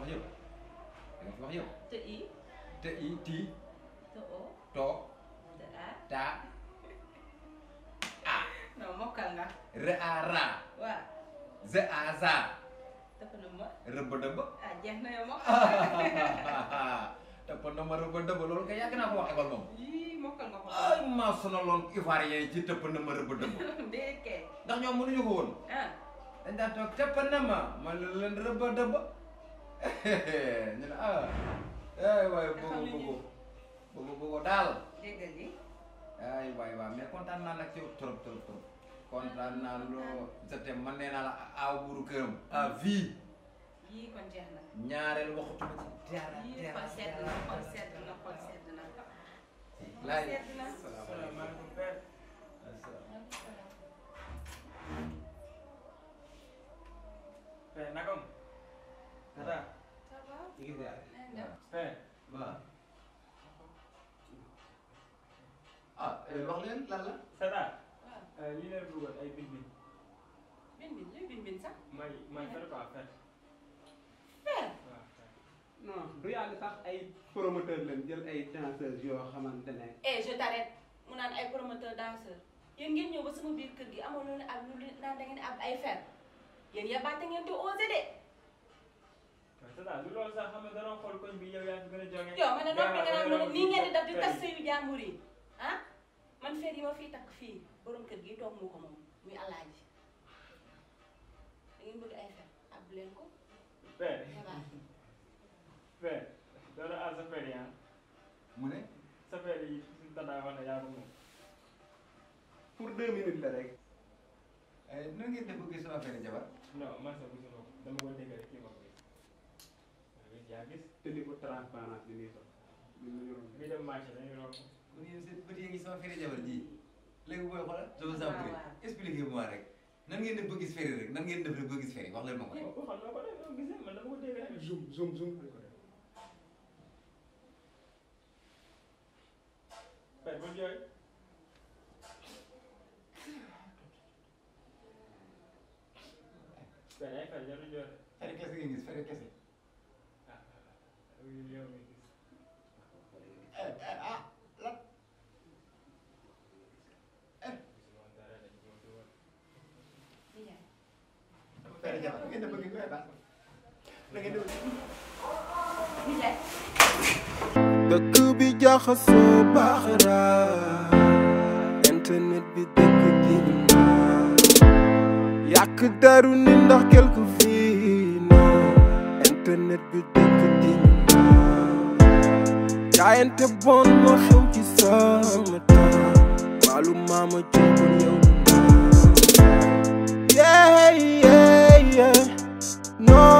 Wahyu. Alif Wahyu. T I. T I D. O. Do. D A. Da. A. kan kanga. Re A Ra. Wa. Z A Za. Tepenemu. Rebedebe. Aja na ya, yomo. Tepenemu rebedebe Lalu kayak kenapa wae balmong? Ih, mo mau Ay, masa nolong ivarie ci tepenemu rebedebe. Deke. Ndax ñom mënu ñu ko won. Ah. Entah da tepen nama, ma leen rebedebe. ñu ne ah. ay waay bëgg bëgg bëgg bëgg daal. dégg nga nii. ay waay waay mais kontaan naa nag ci trop trop trop. kontaan naa loo man nee naa waxtu ma ci. dara dara xol sedd na xol sedd na xol sedd wax lalu lan la. Sada. waaw bin-bin. bin-bin eh ab tas ah man fer yi ma fi tak fi borom keur gi toog moko mom muy alaaji da ngeen bëgg ay fer ab leen ko. fer fer loolu ah sa fer ya. mu ne. sa fer yi ci tata wax ne yaa ko moom. pour 2 minutes la rek. Eh, na ngeen def ko sama fer jabar. non ma sa bëgg ko dama ko dégg rek kii ma ko gis. gis te ni ko transparence ni ni sax. ni mu yoroon dem marché dañu romb. kon yéen seen bët yaa ngi sama feri jabar ji léegi booy xoolal je vous en prie expliquez moi rek nan ngeen def ba gis feri rek nan ngeen def rek ba gis feri wax leen ma ko. ko xam nga ko def yow gisee man dama ko dégg rek. zoom zoom zoom ko def. Père bul jooy. Père ay Père jarul jooy. feri kese ngeen gis feri kese. ah yow mi. dëkk bi jaxasoo baax raay internet bi dëkk gi yàq daru ni ndax quelque fii na internet bi dëkk gi jaayante bon moo xew ci sama temps wàllu maama jógul yow yeah yeah yeah no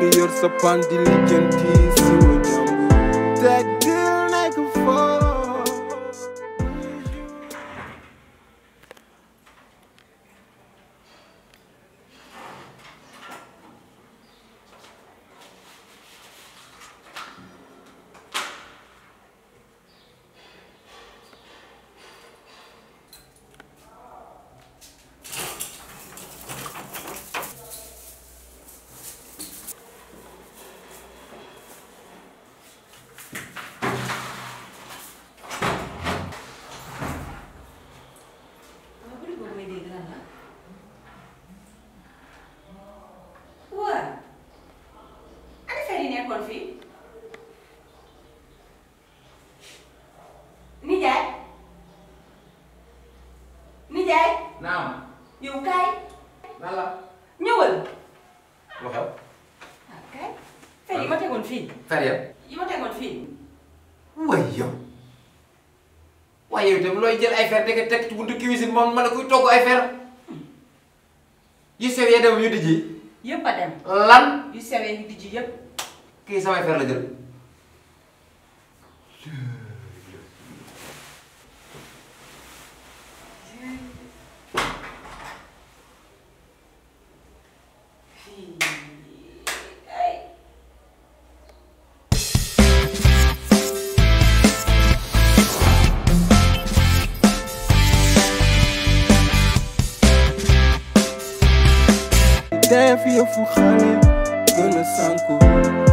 di yor sa pan di lijjanti si wa jàmm la nyuwun. lu xew. ok. fer yi ma tegoon fii. fer ya. yi Wah tegoon wah way udah mulai yow itam looy jël ay fer dëgg teg ci buntu cuisine moom ma ne kuy togg ay Iya yu sew yee dem yu dijji. yëpp a dem. lan. yu sewee yu dijji yëpp. kii samay fer la jël. fu xale gën a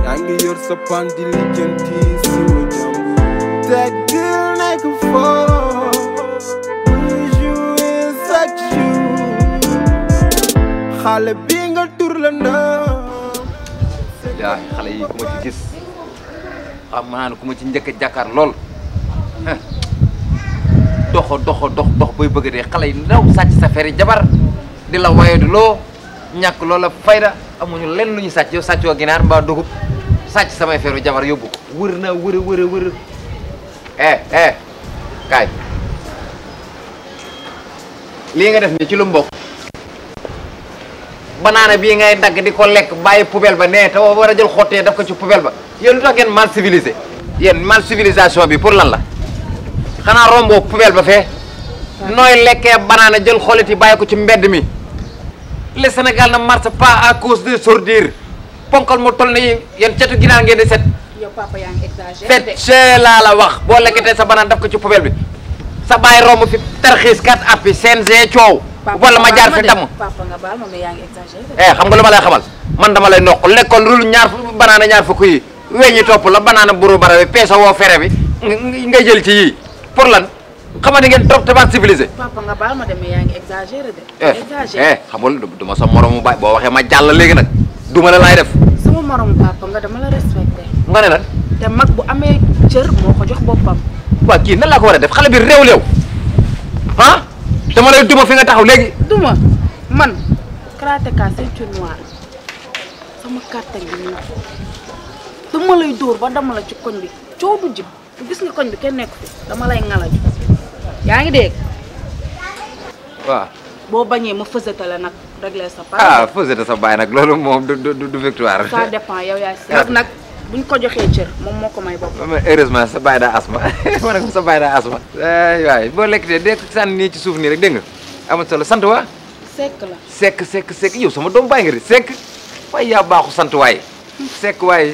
yaa ngi yor sa pan di lijjanti si ma jàmbu teg dil nekk fo jouer chaque jour xale bi nga tur la ndaw yaa xale yi ku ma ci gis xam naa ne ku ma ci njëkk a jàkkaar lool doxo doxo dox dox boy bëgg dee xale yi ndaw sàcc sa feri jabar di la wayaduloo ñàkk loola fayda amuñu lenn lu ñu sàcc yow sàccoo ginaar mbaa dugub sàcc samay feeru jabar yóbbu ko wër naa wër wër eh eh kaay lii nga def ni ci lu mbokk banaana bii ngay dagg di ko lekk bàyyi poubelle ba nee taw war a jël xottee daf ko ci poubelle ba yéen lu tax mal civilisé yéen mal civilisation bi pour lan la xanaa romboo poubelle ba fee nooy lekkee banaana jël xolit yi ko ci mbedd mi le Sénégal ne marche pas à cause de sourdir ponkal mo tolni nii yéen gina ngeen di set. yo papa yang ngi exagéré de. set laa la wax bo lekkatee sa banaan daf ko ci poubelle bi sa baye romb fi tarxis kat api CNG ciow wala ma jaar fi damm papa nga bal ma mais yaa ngi exagéré. Eh, xam nga luma lay xamal man dama lay noq lekol rul ñaar banaana ñaar fukk yi weñi top la banaana buru bara pesa wo woo fere bi nga jël ci yi pour lan xamante ngeen trop tempat civilisé. papa nga paham ada demee yaa ngi exagéré de. exagéré xam nga du ma sa moromu baay boo waxee ma jàll léegi nag du la laay def. sama moromu papa nga dama la respecté. nga ne la. te mag bu ame cër moo ko jox boppam. waa kii nan laa ko war a def xale bi réew léew ah dama lay duma fi nga taxaw duma man. karateka ceinture noire sama kata gini. nii dama lay dóor ba dama la ci koñ bi coow du jib gis nga koñ bi kenn nekk dama lay ngalaju yaa ngi dégg. waaw. boo bañee ma fësata la nag réglé sa baay. ah fësata sa baay nag loolu moom du du du victoire. ça dépend yow yaay si. Ah. nag buñ ko joxee cër moom moo ko may bopp. mais heureusement sa baay daa asma ma ne ko sa baay daa asma. Eh, waay boo lekk de dégg sànni nii ci suuf nii rek dégg nga amul solo sant waa. sekk la sekk sekk sekk yow sama doom bàyyi nga de sekk waaye yaa baaxu sant waay hmm. sekk waay.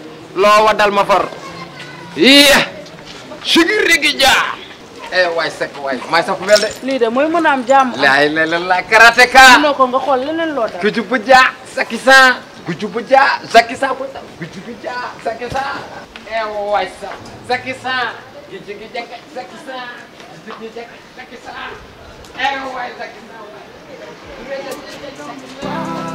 loo waddal ma far yéex sugir rigi jaa eh waay sekk waay maay lii de mooy mën a am jàmm. laay la la la karate ka. munoo nga xool leneen loo dal. gujubu jaa sakki saa. gujubu jaa sakki saa ko tam. gujubu jaa sakki saa. eh waay sax sakki saa. gijigi jaka sakki saa. gijigi jaka sakki eh,